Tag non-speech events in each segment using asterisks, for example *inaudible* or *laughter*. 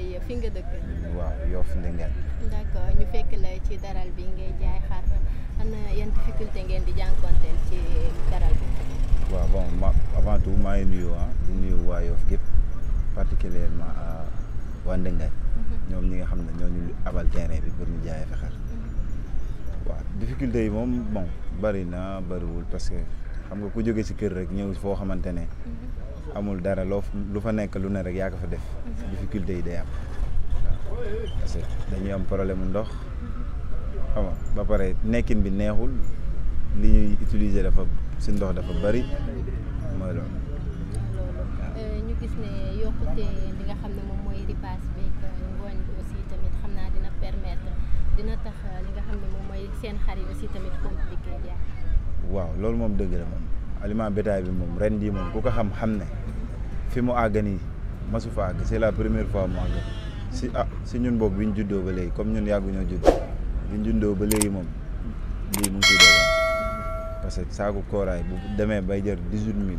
ngay eh, fi nga dëkk. waaw Yoff Ndingler. d'accord ñu fekk la ci daral bi ngay jaay xar ana yan difficulté ngeen di jànkonteel ci daral bi. waaw bon ma avant tout maa ngi nuyu ah di waa Yoff gépp particulièrement ah, waa Ndingler. Mhm. ñoom ñi nga xam ne ñoo ñu abal terrain bi pour ñu jaayee fa mhm. waaw difficulté yi moom bon bari na bariwul parce que xam nga ku jóge ci kër rek ñëw foo xamante ne. Mhm. amul dara loo lu fa nekk lu ne rek yaa ko fa def. difficulté yi day am waaw parce dañuy am problème ndox xam ba pare nekkin bi neexul li ñuy utiliser dafa si ndox dafa bari mooy loolu euh, ñu gis ne yokkute li nga xam ne moom mooy ripaas bi euh, euh, moom waaw loolu moom dëgg la moom aliment bétail bi moom ren jii moom ku ko xam xam ne fi mu àgg nii masu faa c'est la première fois mu àgg si ah si ñun boog bi ñu juddoo ba léegi comme ñun ñoo judd bi ñu juddoo ba léegi moom lii mu ngi parce que saaku kooraay bu demee bay jër dix huit mille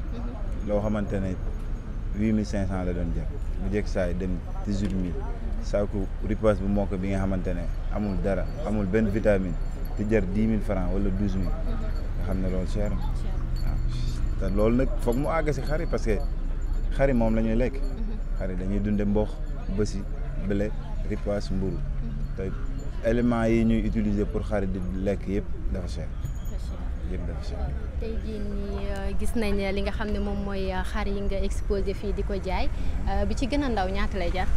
loo xamante ne huit mille cinq cent la doon jër bu jëkk saay dem dix huit mille saaku ripaas bu mokk bi nga xamante ne amul dara amul benn vitamine te jër dix mille franc wala douze mille nga xam ne loolu cher na waaw ah, te loolu nag foog mu àgg si xari parce que xari moom la ñuy lekk xar dañuy dundee mboq bësi blé ripaas mburu mhm. te éléments yi ñuy utiliser pour xar di lekk yëpp dafa cher yëpp tey jii nii euh, gis nañ li nga xam ne moom mooy euh, xar yi nga exposé fii di ko jaay euh, bi ci gën a ndaw ñaata lay jar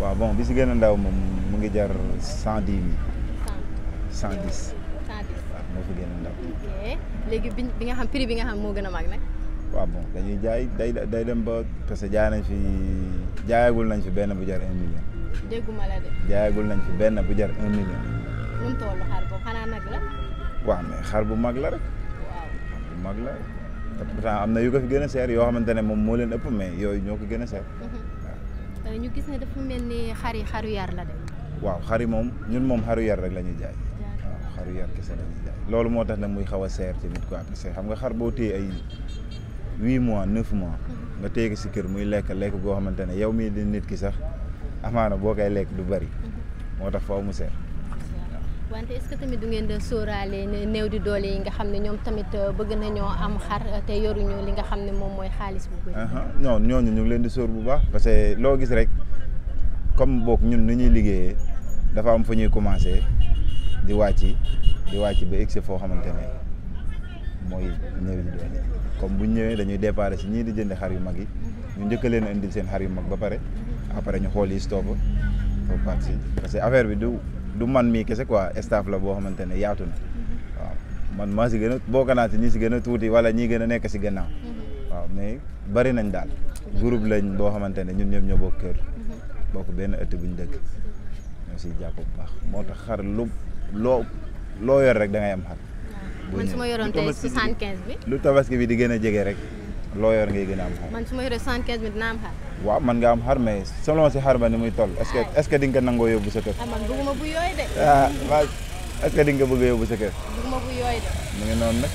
waaw bon bi si gën a ndaw moom mu ngi jar cent dix mille cent dix moo fi gën a ndaw léegi bi nga xam prix bi nga xam moo gën a mag nag waaw bon dañuy jaay day day dem ba parce que jaay nañ fi jaayagul nañ fi benn bu jar un million. dégguma la de. jaayagul nañ fi benn bu jar un million. nu mu xar boobu xanaa nag la. waaw mais xar bu mag la rek. waaw bu mag la rek. te pourtant am na yu ko fi gën a seer yoo xamante ne moom moo leen ëpp mais yooyu ñoo ko gën a seer. Mhm. waaw. Euh, ñu gis ne dafa mel ni xar yi xaru la de. waaw xar yi moom ñun moom xaru rek lañuy jaay. waaw xaru kese la jaay. loolu moo tax ne muy xaw a seer ci nit quoi parce que xam nga xar boo téye ay. huit mois neuf mois nga téye ko si kër muy lekk lekk goo xamante ne yow mii di nit ki sax amaana boo koy lekk du bari moo tax faaw mu seer. wante est-ce que tamit du ngeen di sóoraale néew di doole yi nga xam ne ñoom tamit euh, bëgg nañoo am xar euh, te yoruñu li nga xam ne moom mooy xaalis bu bëri. non ñooñu ñu ngi leen di sóor bu baax parce que loo gis rek comme book ñun ni ñuy liggéeyee dafa am fu ñuy commencé di wàcc di wàcc ba egg foo xamante ne. mooy comme bu ñu ñëwee dañuy déparé si ñii di jënd xar yu mag yi ñu njëkk leen a indil seen xar yu mag ba pare après ñu xool yi stock pour parti parce que affaire bi du du man mii kese quoi staff la boo xamante ne yaatu na waaw man maa si gën a bokk naa si ñi si gën a tuuti wala ñi gën a nekk si gannaaw mhm. waaw mais bari nañ daal groupe lañ boo xamante ne ñun ñoom ñoo bokk kër mhm. bokk benn ëtt bu ñu dëkk ñoo siy jàpp bu baax moo tax xar lu loo loo yor rek dangay am xar. man su ma yoroon tey soixante quinze bi lu tabaski bi di gën a jege rek loo yor ngay gën a am xar man su ma yoree bi dina am xar man nga am xar mais selon si xar ba ni muy toll est-ce que ah. est-ce que di nga nangoo yóbbu sa bu ah, bu yooyu ah, mu ngi noonu nag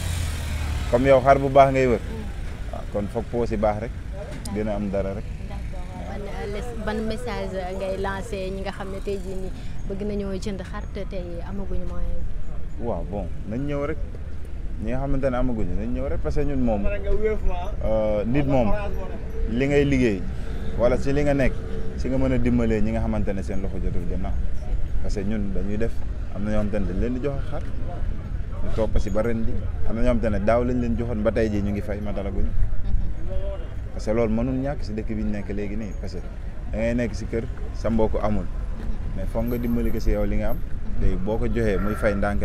comme yow xar bu baax ngay wër mm. kon foog poos si baax rek gën a am dara rek euh, ban message ngay lancé ñi nga xam ne tey jii nii bëgg nañoo jënd xar te tey amaguñu moyen waaw bon nañ ñëw rek ñi nga xamante ne amaguñu nañ ñëw rek parce que ñun moom ah. euh, nit moom li ngay liggéey wala si li nga nekk si nga mën a dimbalee ñi nga xamante ne seen loxo jotul ginnaaw parce que ñun dañuy def am na ñoo xamante ne leen di jox xar ñu topp si ba ren am na ñoo xamante ne daaw lañ leen joxoon ba tey jii ñu ngi fay ma dalaguñu parce que loolu mënul ñàkk si dëkk bi ñu nekk léegi nii parce que da ngay nekk si kër sa mbokk amul mais foog nga dimbali ko si yow li nga am léegi boo ko joxee muy fay ndànk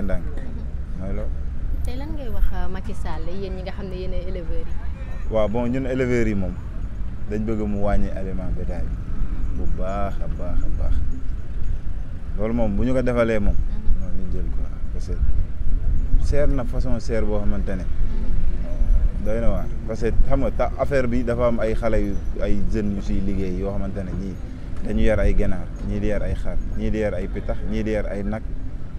tey lan ngay wax euh, Macky Sall yéen ñi nga xam ne yéen ay éleveurs yi. waaw bon ñun éleveurs yi moom dañ bëgg mu wàññi aliment bétail bu baax a baax a baax loolu moom bu ñu ko defalee moom. Mhm. non jël quoi parce seer na façon seer boo xamante ne mhm. doy na waa parce que xam nga ta affaire bi dafa am ay xale yu ay jeunes yu siy liggéey yoo xamante ne ñii dañu yar ay ganaar ñii di yar ay xar ñii di yar ay pitax ñii di ay nag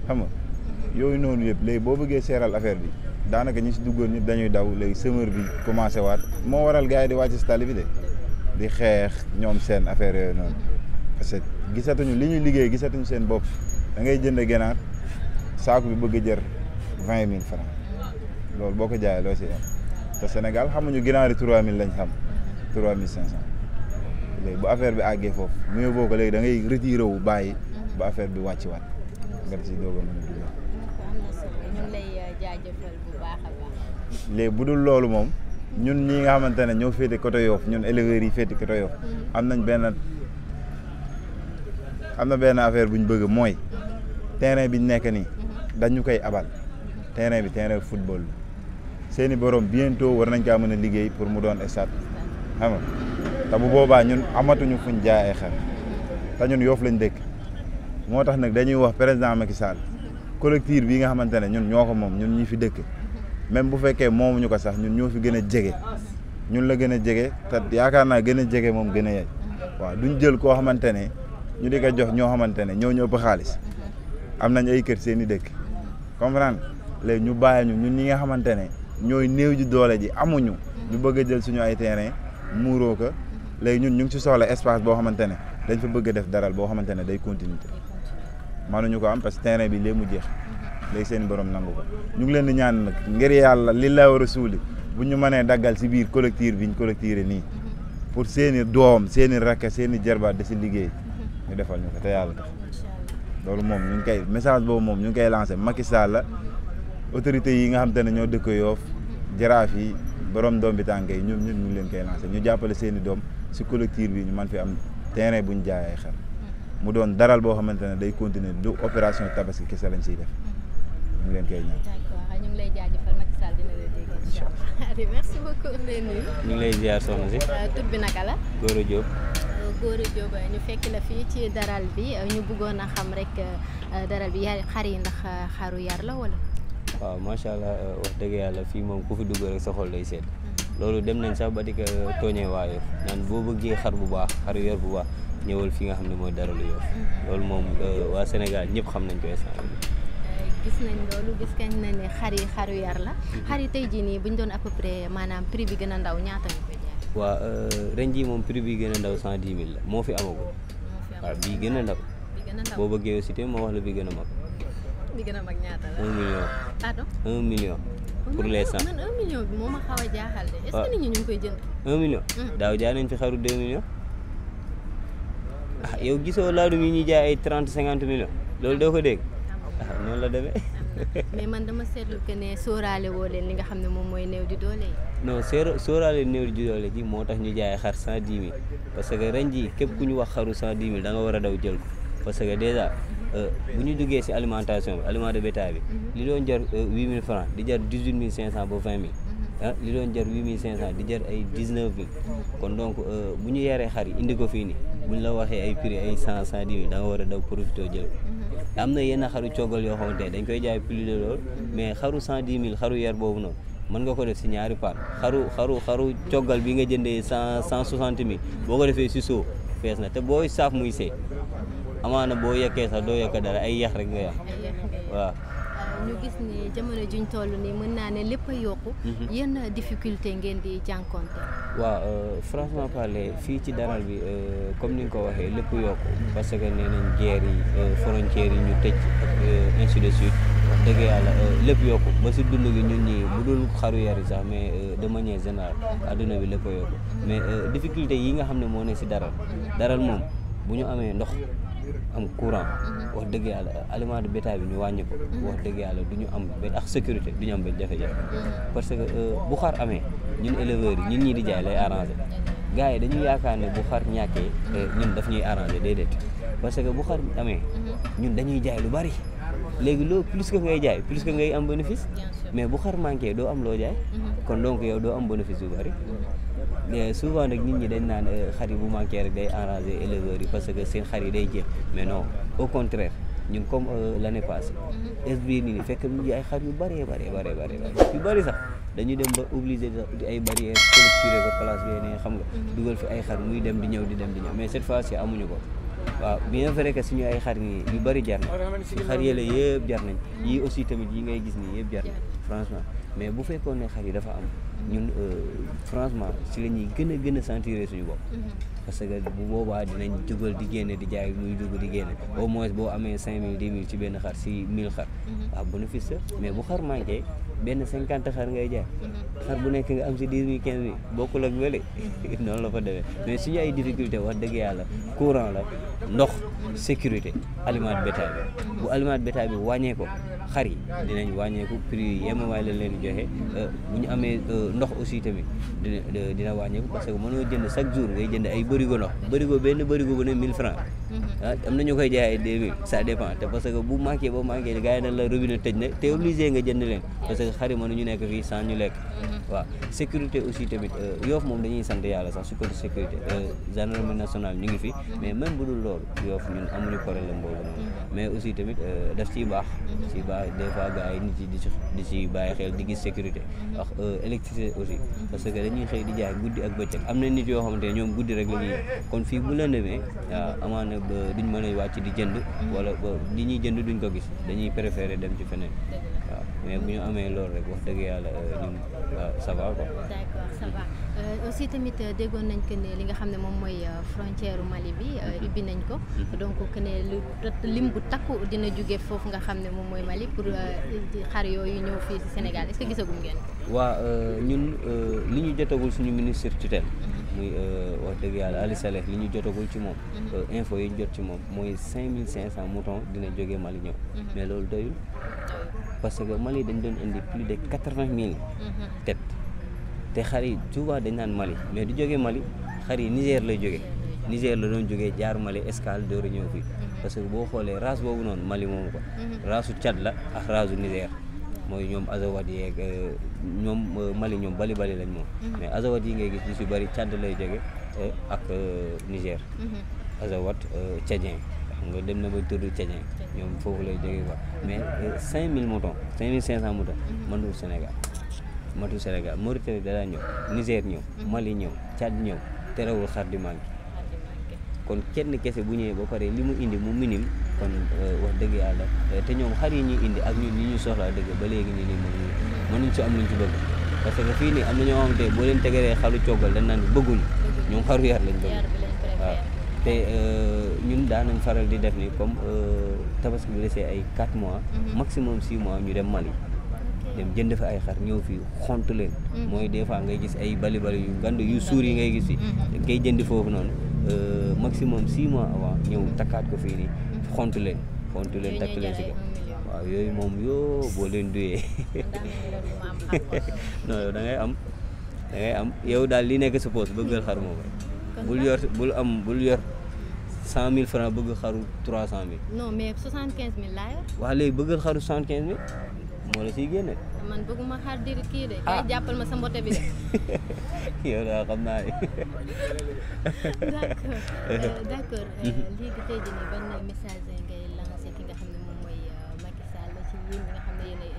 xam nga. yooyu noonu yëpp léegi boo bëggee seeral affaire bi daanaka ñu si duggoon ñëpp dañuy daw léegi semeur bi commencé waat moo waral gars yi di wàcc si tali bi de di xeex ñoom seen affaire yooyu noonu parce que gisatuñu li ñuy liggéey gisatuñu seen bopp da ngay jënd genaar saako bi bëgg jër vingt mille franc loolu boo ko jaayee loo si am te Sénégal xamuñu ginaari trois mille lañ xam trois mille cinq cent léegi bu affaire bi àggee foofu mieux vaut que léegi dangay ngay retiré wu bàyyi ba affaire bi wàcciwaat nga jaajëfal bu léegi bu dul loolu moom ñun ñi nga xamante ne ñoo féete côté Yoff ñun éleveurs yi féete côté Yoff am nañ benn am na benn affaire bu ñu bëgg mooy terrain bi ñu nekk nii dañu koy abal terrain bi terrain football la seeni borom bientôt war nañ kaa mën a liggéey pour mu doon stade xam nga te bu boobaa ñun amatuñu fuñ jaay ay xar te ñun Yoff lañ dëkk moo tax nag dañuy wax président Macky Sall collectif bi nga xamante ne ñun ñoo ko moom ñun ñi fi dëkk même bu fekkee moomuñu ko sax ñun ñoo fi gën a jege ñun la gën a jege te yaakaar naa gën a jege moom gën a yey waaw ñu jël koo xamante ne ñu di ko jox ñoo xamante ne ñoo ñu xaalis am nañ ay kër seen i dëkk comprendre ñu bàyyi ñu ñun ñi nga xamante ne ñooy néew ji doole ji amuñu ñu bëgg a jël suñu ay terrain muuroo ko léegi ñun ñu ngi ci soxla espace boo xamante ne dañ fa bëgg a def daral boo xamante ne day continuité man mënuñu ko am parce que terrain bi léegi mu jeex léegi seen borom nangu ko ñu ngi leen di ñaan nag ngir yàlla li la war a suuli bu ñu manee daggal si biir collectif bi ñu collecté nii pour seeni doom seeni i seeni seen da si liggéey ñu defal ñu ko te yàlla loolu moom ñu ngi koy message boobu moom ñu ngi koy lancé Macky Sall la autorités yi nga xam te ne ñoo dëkk Yoff jaraaf yi borom doom bi tànk yi ñoom ñun ñu ngi leen koy lancé ñu jàppale seeni doom si collectif bi ñu man fi am terrain bu ñu jaayee xel mu doon daral boo xamante ne day continuer du opération tabaski kese lañ siy def ñu leen koy ñaan. d'accord ñu ngi dina la dégg incha lay nuyu. ñu ngi lay ziar soxna si. Euh, tur bi naka la. Gora Diop. Euh, Gora Diop ñu fekk la fii ci daral bi euh, ñu bëggoon a xam rek daral bi yar xar yi ndax xaru yar la wala. waaw macha allah wax dëgg yàlla fii moom ku fi dugg rek sa xol seet mhm. loolu dem nañ sax ba di ko waaye naan boo bëggee xar bu baax xaru yar bu baax. ñëwal fi nga xam ne mooy dara lu Yoff loolu moom euh, waa Sénégal ñëpp xam nañ ko instant gis nañ loolu gis kañ na ni xar yi xaru yar la xar yi tey jii nii bu ñu doon à peu près maanaam prix bi gën a ndaw ñaata nga koy jaay waaw euh, moom prix bi gën ndaw cent dix mille moo fi amagul waaw bii gën a ndaw boo bëggee aussi tamit ma wax la bi gën a mag bi gën a mag ñaata un million un million pour les cent man un million a jaaxal de est ah. mm. daaw jaay fi xaru deux millions ah yow gisoo laadum yi ñu jaay ay trente cinquante millions loolu doo ko dégg ah la demee. *laughs* mais man dama seetlu que ne sóoraale woo leen li nga xam ne moom mooy néew di doole yi. no sóora sóoraale néew di doole ji moo tax ñu jaay xar cent di mille parce que ren jii ku ñu wax xaru cent dix mille da war a daw jël ko parce que déjà euh, bu ñu duggee si alimentation bi aliment de bétail bi mhm. li doon jar euh, huit mille francs di jar dix huit mille cinq cent ba vingt mille. Mhm. ah li doon jar huit mille cinq di jar ay dix neuf mhm. kon donc euh, bu ñu yaree xar yi indi ko fii nii buñ la waxee ay prix ay cent cent dix mille da nga war a daw profité jël mhm. am na yenn xaru coggal yoo xamante ne dañ koy jaay plus de loolu mhm. mais xaru cent dix mille xaru yer boobu noonu mën nga ko def si ñaari part xaru xaru xaru coggal bi nga jëndee cent cent soixante mille boo ko defee si suuf fees na te booy saaf muy see na boo yekkee sax doo yekk dara ay yax rek nga yax waaw ñu gis ni jamono juñ toll nii mën naa ne lépp a yokku. Mhm. yenn difficulté ngeen di jànkonte. waaw euh, franchement parler fii ci daral bi euh, comme ni nga ko waxee lépp yokk parce que nee nañ yi euh, frontières yi ñu tëj ak ainsi de suite wax yàlla lépp yokk ba si dund gi ñun ñii bu dul xaru yari sax mais de manière générale adduna bi lépp a yokku mais difficulté yi nga xam ne moo ne si daral daral moom bu ñu amee ndox. am courant wax dëgg yàlla aliment de bétail bi ñu wàññi ko wax dëgg yàlla du ñu am benn ak sécurité du ñu am benn jafe-jafe parce que euh, bu xar amee ñun éleveurs yi ñun ñii di jaay lay arrangé gars yi dañuy yaakaar ne bu xar ñàkkee ñun daf ñuy arrangé déedéet parce que bu xar amee ñun dañuy jaay lu bari léegi loo plus que ngay jaay plus que ngay am bénéfice mais bu xar manqué doo am loo jaay mhm. kon donc yow doo am bénéfice bu bari souvent nag nit ñi dañ naan euh, xar yi bu manqué rek day arranger éleveurs yi parce que seen xar yi day jeex mais non au contraire ñun comme euh, l'année passée mm-hmm. SBI nii fekk ñu ngi ay xar yu bëree bëree bëree bëree yu bëri sax dañuy dem ba obligé di ay barrières collecturé ko place bi xam nga mm-hmm. dugal fi ay xar muy dem di ñëw di dem di ñëw mais fois ci amuñu ko waaw bien vrai que suñu ay xar yi yu bëri jar na xar yële yëpp jar nañ yii aussi tamit yi ngay gis nii yëpp jar na franchement mais bu fekkoon ne xar yi dafa am ñun euh, franchement si la ñuy gën a gën a sentir suñu bopp mm-hmm. parce que bu boobaa dinañ dugal di génne di jaay muy dugg di génne au moins boo amee cinq mille di mille ci benn xar si mille xar mhm. waaw bénéfice mais bu xar manqué benn cinquante xar ngay jaay mhm. xar bu nekk nga am si dix mille quinze mille bokkul ak bële *laughs* noonu la fa demee mais suñu ay difficulté wax dëgg yàlla courant la ndox sécurité aliment bétail bu aliment bétail bi wàññee ko xar yi dinañ wàññeeku prix yi yemawaay lañ leen joxe euh, bu ñu amee euh, ndox aussi tamit dina dina wàññeeku parce que mënoo jour ngay jënd ay bërigo ndox bërigo benn bërigo bu ne Ah, am na ñu koy jaay ay deux mille ça dépend parce que bu manqué ba manqué gars yi nan la robinet tëj na te obligé nga jënd leen parce que xari mënu ñu nekk fii sans ñu lekk mhm. waaw sécurité aussi tamit euh, yoof moom dañuy sant yàlla sax su côté sécurité euh, gendarmerie nationale ñu ngi fi mhm. mais même bu dul loolu yoof ñun amuñu problème boobu noonu mhm. mais euh, baax ci baax des fois yi nit yi di ci di ci bàyyi xel di gis sécurité wax électricité aussi parce que dañuy xëy di jaay guddi ak bëccëg am na nit yoo xamante ne ñoom guddi rek la kon fii bu la demee waaw amaana duñ mën a wàcc di jënd mm-hmm. wala li ñuy jënd duñ ko gis dañuy préféré dem ci feneen waaw mais bu ñu amee loolu rek wax dëgg yàlla euh, ñun euh, ça va euh, aussi tamit déggoon nañ que ne li nga xam ne moom mooy frontière Mali bi mm-hmm. ubbi nañ ko mm-hmm. donc que li lim bu takku dina jóge foofu nga xam ne moom mooy Mali pour xar yooyu ñëw fii ci Sénégal est-ce que gisagum ngeen waa ñun li ñu jotagul suñu ministre tutelle muy euh, wax dëgg yàlla Aliou li ñu jotagul ci moom mm-hmm. euh, info yi ñu jot ci moom mooy cinq mille cent moutons dina jógee Mali ñëw mm-hmm. mais loolu doyul parce que Mali dañ doon indi plus de quatre-vingt mille mm-hmm. têtes te xar yi dañ naan Mali mais du jógee Mali xar yi Niger lay jógee Niger la doon jógee jaar Mali escale door ñëw fii parce que boo xoolee race boobu noonu Mali moomu ko rasu Tchad la ak rasu Niger mooy ñoom azawad yeeg euh, ñoom euh, Mali ñoom bali bali lañ moom. Mhm. mais azawad yi ngay gis ñu si bëri Tchad lay jóge euh, ak Niger. Mhm. azawad tchadien xam nga dem na ba tudd tchadien ñoom foofu lay jóge quoi mais 5000 moutons 5500 moutons mënul mhm. Sénégal matul Sénégal Mauritanie dara ñëw Niger ñëw Mali ñëw Tchad ñëw terewul xar di manqué kon kenn kese bu ñëwee ba pare li mu indi mu minime. kon euh, wax dëgg yàlla euh, te ñoom xar yi ñuy indi ak ñun ñi ñu soxla dëgg ba léegi nii nii mënuñu mënuñ si am luñ ci bëgg parce que fii nii am na ñoo xamante boo leen tegeree xaru coggal dañ naan bëgguñu ñoom xaru yar lañ bëgg waaw te euh, ñun daanañ faral di def ni comme tabaski bu desee ay 4 mois mhm. maximum 6 mois ñu dem Mali dem jënd fa ay xar ñëw fii xontu leen mhm. mooy des fois ngay gis ay bali bali yu gand yu suur yi ngay gis fi mhm. dañ jënd foofu noonu maximum 6 mois avant ñëw takkaat ko fii nii xontu leen xontu leen takk leen si ko waaw yooyu moom yoo boo leen duyee *laughs* non yow da am da am yow daal li nekk sa poos bëgg xar moom rek bul yor bul am bul yor cent mille franc bëgg xaru trois cent mille non mais soixante quinze mille xaru soixante quinze mille moo la siy génne. man bëgguma xaar diri kii de. Ah. kay jàppal ma sa mbote bi *laughs* yow daa xam naa *laughs* *laughs* euh, euh, mhm. ne. Euh, ñi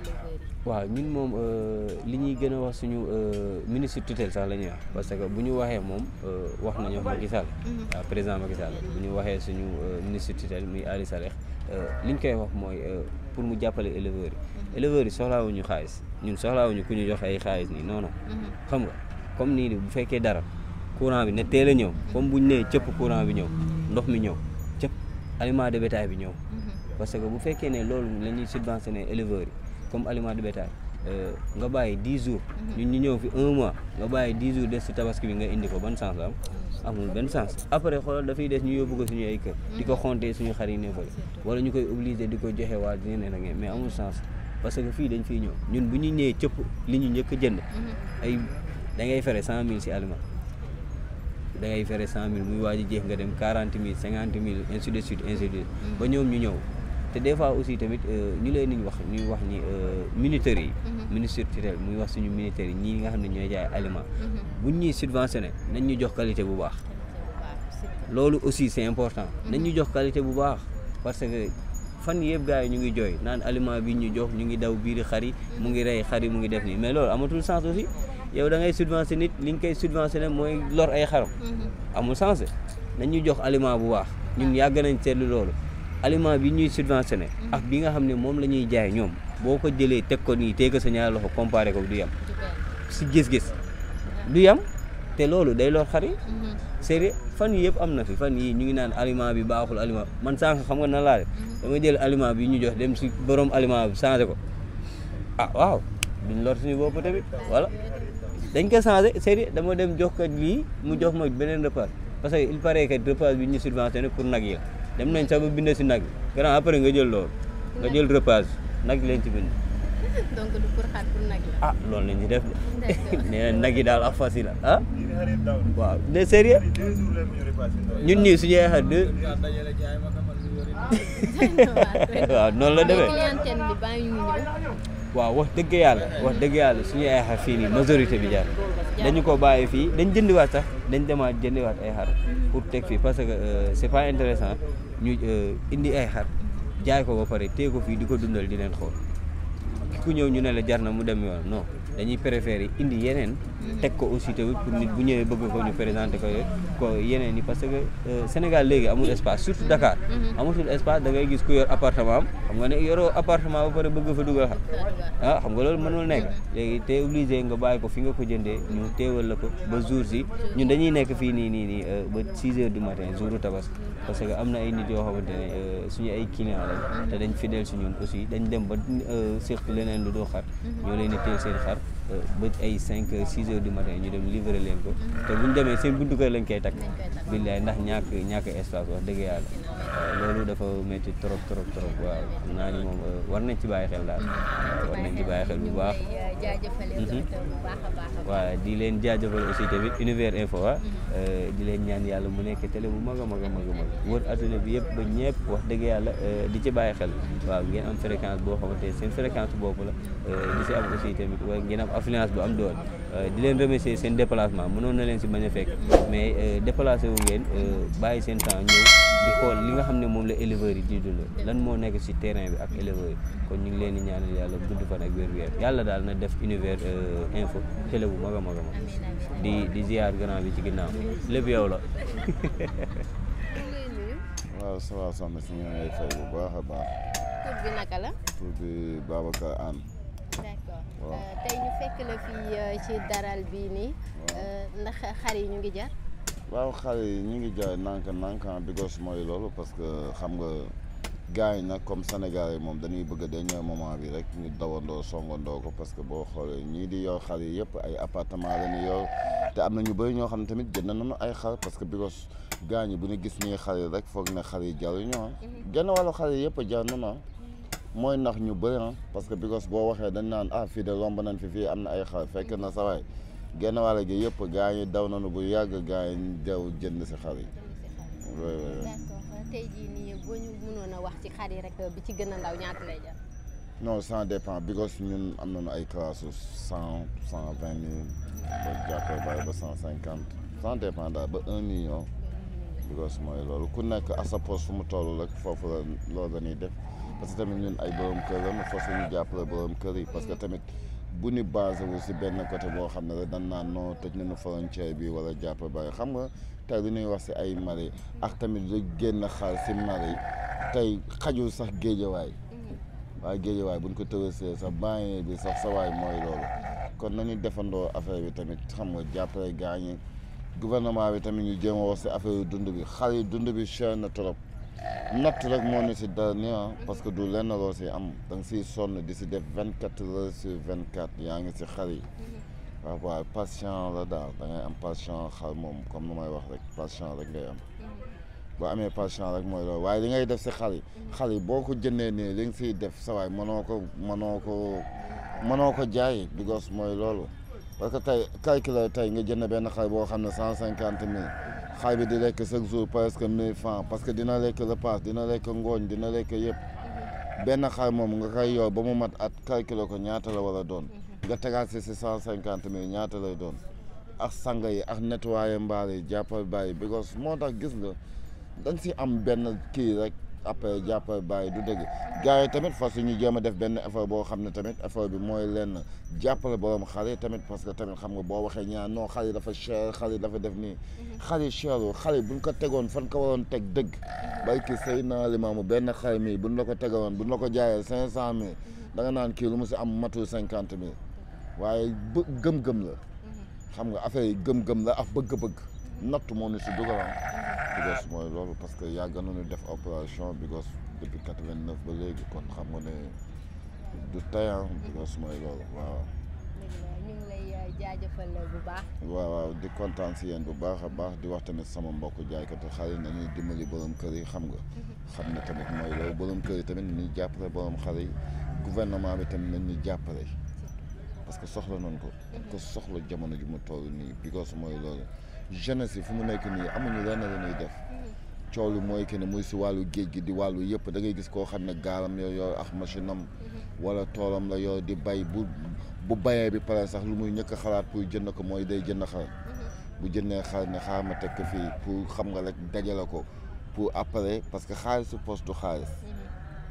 waaw ñun moom li ñuy gën a wax suñu ministre tutel sax la ñuy wax parce que bu ñu waxee moom wax nañu Macky Sall. Mhm. waaw président Macky bu ñu waxee suñu ministre tutelle muy Aly Saleh li ñu koy wax mooy pour mu jàppale éleveurs yi. éleveurs yi soxlaawuñu xaalis ñun soxlaawuñu ku ñu joxe ay xaalis nii noonu non. Mhm. xam nga comme nii bu fekkee dara courant bi ne teel a ñëw comme buñ nee cëpp courant bi ñëw ndox mi ñëw cëpp aliment de bétail bi ñëw. Mhm. parce que bu fekkee ne loolu la ñuy subventionné éleveurs yi comme aliment de bétail euh, nga bàyyi dix jours. Mhm. ñun ñu ñëw fi un mois nga bàyyi dix jours des si tabaski bi nga indi ko ban sens la am. amul benn sens après xoolal dafay des ñu yóbbu ko suñu ay kër. di ko xontee suñu xar yi ne wala ñu koy obligé di ko joxe waa dina ne mais amul sens. parce que fii dañ fiy ñëw ñun bu ñu ñëwee cëpp li ñu njëkk a jënd mhm. ay da ngay fere cent mille si aliment da fere cent mille muy waaj a jeex nga dem quarante mille cinquante mille ainsi de suite ainsi mhm. ba ñoom ñu ñëw te des fois aussi tamit euh, ñu leen niñ wax ñuy wax ni euh, militaires yi mhm. ministre muy wax suñu militaires yi ñii nga xam ne ñooy jaay aliment buñ ñuy subventionné nañ ñu jox qualité bu baax loolu aussi c'est important nañ ñu jox qualité bu baax parce que fan yëpp gars yi ñu ngi jooy naan aliment bi ñu jox ñu ngi daw biiri xari mu ngi rey xari mu ngi def nii mais loolu amatul sens aussi yow da ngay subventionné nit li nga koy subventionné mooy lor ay xaram mhm. amul sens nañu jox aliment bu baax ñun yàgg nañ seetlu loolu aliment bi ñuy subventionné mhm. ak bi nga xam ne moom la ñuy jaay ñoom boo ko jëlee teg ko nii teg ko sa ñaari loxo comparé ko du yem si gis-gis du yem te loolu day lor xar yi mhm. fan yi yëpp am na fi fan yi ñu ngi naan aliment bi baaxul aliment man sànq xam nga na laa def mhm. damay jël aliment bi ñu jox dem si borom aliment bi changé ko ah waaw duñ lor suñu bopp tamit voilà dañ ko changé c'est dama dem jox ko lii mu jox ma beneen repas parce que il paraît que repas bi ñu subventionné pour nag yi la dem nañ sax ba bind si nag bi grand nga jël lool nga jël repas nag leen ci bind *laughs* donc ah loolu la ñuy def de *laughs* nag yi daal ak fas la ah. waaw de sérieux ñun ñii suñu yaay xar deux. waaw noonu la demee waaw wax dëgg yàlla wax dëgg yàlla suñu ay xar fii nii majorité bi jaar dañu ko bàyyi fii dañ jëndiwaat sax dañ demaat jëndiwaat ay xar pour teg fii parce que euh, c'est pas intéressant ñu euh, indi ay xar jaay ko ba pare téye ko fii di ko dundal di leen xool ku ñëw ñu ne la jar na mu dem yoon non dañuy yi indi yeneen teg ko aussi tamit pour nit bu ñëwee bëgg ko ñu présenter ko yeneen yi parce que euh, Sénégal léegi amul espace surtout Dakar mhm. amatul espace da ngay gis ku yor appartement am xam nga ne yoroo appartement ba pare bëgg fa dugal xam ah xam nga loolu mënul nekk mhm. léegi te obligé nga bàyyi ko fi nga ko jëndee ñu teewal la ko ba jour yi ñun dañuy nekk fii nii nii nii euh, ba 6 heures du matin jouru tabaski parce que am na ay nit yoo xamante ne euh, suñu ay client lañ mhm. te dañ fidèle si ñun aussi dañ dem ba surtout leneen lu doo xar ñoo leen di teel ba ay 5 heures heures du matin ñu dem livrer leen ko te bu ñu demee seen buntu kër lañ koy takk billaay ndax ñàkk ñàkk espace wax dëgg yàlla loolu dafa métti trop trop trop waaw naa ni moom euh, nañ ci bàyyi xel daal mm-hmm. war nañ ci bàyyi baax waaw di leen jaajëfal aussi tamit univers info ah mm-hmm. euh, di leen ñaan yàlla mu nekk télé bu mag a mag a mag a mag wër adduna bi yëpp ba ñëpp wax dëgg yàlla euh, di ci bàyyi xel waaw ngeen am fréquence boo xamante seen fréquence bopp la di si am aussi tamit ngeen am affluence bu am doole euh, di leen remercier seen déplacement mënoon na leen si bañ a fekk mais euh, déplacé wu ngeen euh, bàyyi seen temps ñëw di li nga xam ne moom la éleveurs yi di dund lan moo nekk si terrain bi ak éleveurs yi kon ñu ngi leen di ñaanal yàlla gudd fan ak wér yàlla daal na def univers info télé bu mag a mag a mag di di ziar grand bi ci ginnaaw lépp yow la *laughs* a baax. Euh, tey ñu fekk la fii euh, ci daral bii nii. Euh, xar yi ñu ngi jar. waaw xar yi ñu ngi jaay nànk nànk ah, because mooy loolu parce que xam nga gars yi nag comme Sénégal yi moom dañuy bëgg a dernier moment bi rek ñu dawandoo songandoo ko parce que boo xoolee ñii di yor xar yi yëpp ay appartement la ñu yor te am na ñu bëri ñoo xam ne tamit na nañu ay xar parce que because gars ñi bu ñu gis ñuy xar yi rek foog ne xar yi jaruñu ah. Mm-hmm. genn wàllu xar yi yëpp jar nañu ah. mooy ndax ñu bëri ah parce que because boo waxee dañ naan ah fii de romb nañ fi fii am na ay xar fekk na sa waay genn wàll gi yëpp gaa yi daw nañu bu yàgg gaa yi dew jënd si xar yi. d'accord cent jii nii boo ñu mënoon because ñun am nañu ay classe cent cent vingt mille ba jàppee bàyyi ba cent cinquante ça dépend daal ba un million. because mooy loolu ku nekk à sa poste fu mu toll rek foofu la loolu la def. parce que tamit ñun ay borom kër la force ñu jàppale borom kër yi parce que tamit bu ñu basé wu si benn côté boo xam ne rek dan naan non nu nañu frontière bi wala jàpp bari xam nga tey lu ñuy wax si ay mari ak tamit lu génn xaal si mari tey xajul sax géejawaay mm-hmm. waaye géejawaay buñ ko tërësee sa banlieue bi sax sa waay mooy loolu kon nañu defandoo affaire bi tamit xam nga jàppale ñi gouvernement bi tamit ñu jéem wax si affaire dund bi xar yi dund bi cher na trop natt rek moo ne si dernier ah, parce que du lenn loo si am da nga siy sonn di si def vingt quatre heures sur vingt quatre yaa ngi si xar yi waaw ah, waaw patient la daal da ngay am patient xar moom comme nu may wax rek patient rek ngay am boo amee patient rek mooy loolu waaye li ngay def si xar yi xar yi boo ko jëndee nii li nga siy def sa waay mënoo ko mënoo ko mënoo ko jaay because mooy loolu parce que tey calculer tey nga jënd benn xar boo xam ne cent cinquante mille xaay bi di lekk chaque jour presque mille francs parce que dina lekk repas dina lekk ngooñ dina lekk yëpp mhm. benn xaay moom nga koy yow ba mu mat at calculer ko ñaata la war a doon mhm. nga tegaat si si cent cinquante mille ñaata lay doon ak sanga yi ak nettoyer mbaar yi jàppal bàyyi because moo tax gis nga dañ si am benn kii rek appay jàppay bàyyi du dëgg gars yi tamit fas ñu jéem a def benn effort boo xam ne tamit effort bi mooy leen jàppale borom xale tamit parce que tamit xam nga boo waxee ñaan non xale yi dafa cher xale yi dafa def nii mhm. xale yi cherul xale yi buñ ko tegoon fan ko waroon teg dëgg barki say naa mu benn mii bu buñ la ko bu buñ la ko jaayee cinq cent mille mhm. danga naan kii lu mu si am matul cinquante mille waaye gëm-gëm la mhm. xam nga affaire yi gëm-gëm la ak bëgg-bëgg natt moo ni si because loolu parce que yàgg nañu def opération because depuis quatre vingt neuf ba léegi kon xam nga ne du tey ah because mooy euh, bu baax. waaw waaw di kontaan si yéen bu baax a baax di wax tamit sama mbokku jaaykatu xar yi nañuy dimbali borom kër yi xam nga. *laughs* xam ne tamit mooy loolu borom kër yi tamit nañuy jàppale borom xar yi gouvernement bi tamit nañuy jàppale. parce que soxla nañ ko. ko soxla jamono ji mu toll nii because mooy loolu. jeunesse si fu mu nekk nii amuñu lenn la muy def coow lu mooy que ne muy si wàllu géej gi di wàllu yëpp da ngay gis koo xam ne gaalam yoo yor ak machine am wala toolam la yor di bay bu bu bayee bi pare sax lu muy ñëkk xalaat pour jënd ko mooy day jën xar bu jëndee xar ne xaar ma teg ko fii pour xam nga rek dajale ko pour après parce que xaalisu poste du xaalis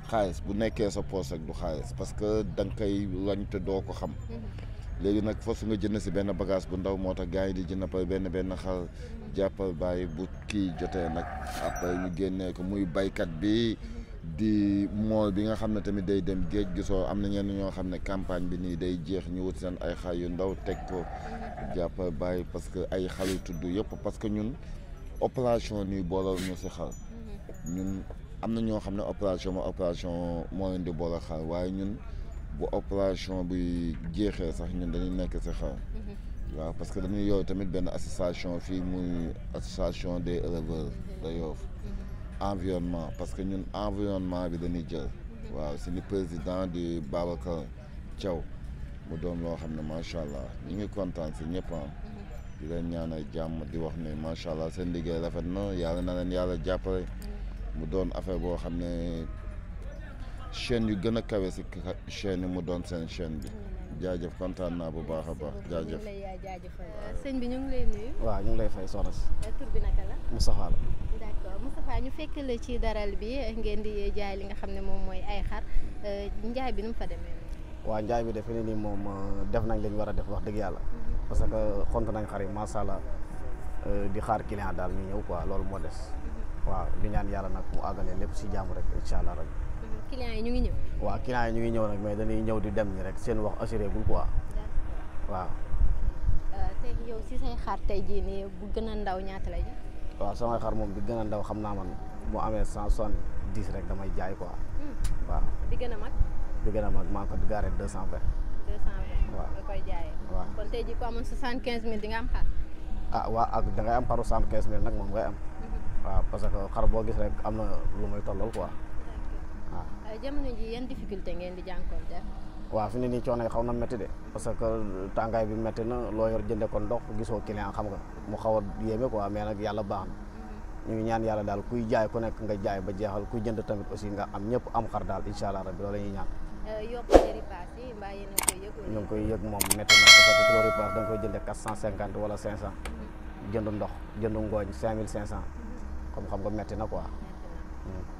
xaalis bu nekkee sa poste rek du xaalis parce que da nga koy lañ te doo ko xam léegi nag foofu nga jënd si benn bagage bu ndaw moo tax gars yi di jënd pa benn benn xar jàppal bàyyi bu kii jotee nag après ñu génnee ko muy baykat bi di mool bi nga xam ne tamit day dem géej gisoo am na ñenn ñoo xam ne campagne bi nii day jeex ñu wut seen ay xar yu ndaw teg ko jàppal bàyyi parce que ay xar yu tudd yëpp parce que ñun opération nii boolal ñu si xar mm-hmm. ñun am na ñoo xam ne opération ma opération moo leen di boolal xar waaye ñun bu opération bi jeexee sax ñun dañu nekk si xaw mm-hmm. waaw parce que dañuy yow tamit benn association fii muy association des éleveurs mm-hmm. da Yoff mm-hmm. environnement parce que ñun environnement bi dañuy jël waaw si ni président di Babacar cew mu doon loo xam ne macha allah ñu ngi kontaan si ñëpp ah. di leen ñaanal jàmm di wax ne macha allah seen liggéey rafet na yàlla na leen yàlla jàppale mu doon affaire boo xam ne chaîne yu gën a kawe si chaîne yi mu doon seen chaîne bi jaajëf kontaan naa bu baax a baax jaajëf. Uh, uh, sëñ bi ñu ngi lay nuyu. waaw ñu ngi lay fay soxna si. Uh, tur bi naka la. ñu fekk la ci daral bi ngeen di jaay li nga xam ne moom mooy ay xar njaay bi nu mu fa demee. waaw njaay bi defe ne ni moom def nañ lañu war a def wax dëgg yàlla. Mm-hmm. parce que xont nañ xar yi macha allah di xaar client daal mu ñëw quoi loolu moo des. Mm-hmm. waaw di ñaan yàlla nag mu àggale lépp si jàmm rek incha client yi ñu ngi ñëw. waa client yi ñu ngi ñëw nag mais dañuy ñëw di dem ñi rek seen wax assuré gul quoi. waaw. Euh, tey jii nii bu gën a ndaw ñaata lay jox. waaw samay xar moom bi gën a ndaw xam naa man mu amee cent soixante dix rek damay jaay quoi. Hmm. waaw bi gën a mag. bi gën a mag maa ko gaaree deux cent vingt. deux cent vingt waaw nga koy jaayee. waaw kon tey jii ku amoon soixante quinze mille di nga am xar. ah waaw ak da ngay am paru soixante quinze mille nag moom ngay am. Mhm. waaw parce que xar boo gis rek am na lu muy tollal waaw. Ah. Eh, jamono ji ngeen di jànkuwanteel. waaw fi ne nii coono yi xaw na métti de parce que tàngaay bi métti na loo yor jënde ko ndox gisoo client xam nga mu xaw yeme yéeme quoi mais nag yàlla baax na mm-hmm. ñu ñaan yàlla daal kuy jaay ku nekk nga jaay ba jeexal kuy jënd tamit aussi nga am ñëpp am xar daal incha allah rabbi loolu la ñuy ñaan. Eh, yokkute koy yëg. ngi koy yëg moom métti na parce jënde quatre cent cinquante wala cinq cent mm-hmm. jënd ndox jënd ngooñ cinq mille cinq cent xam-xam mm-hmm. nga métti na quoi.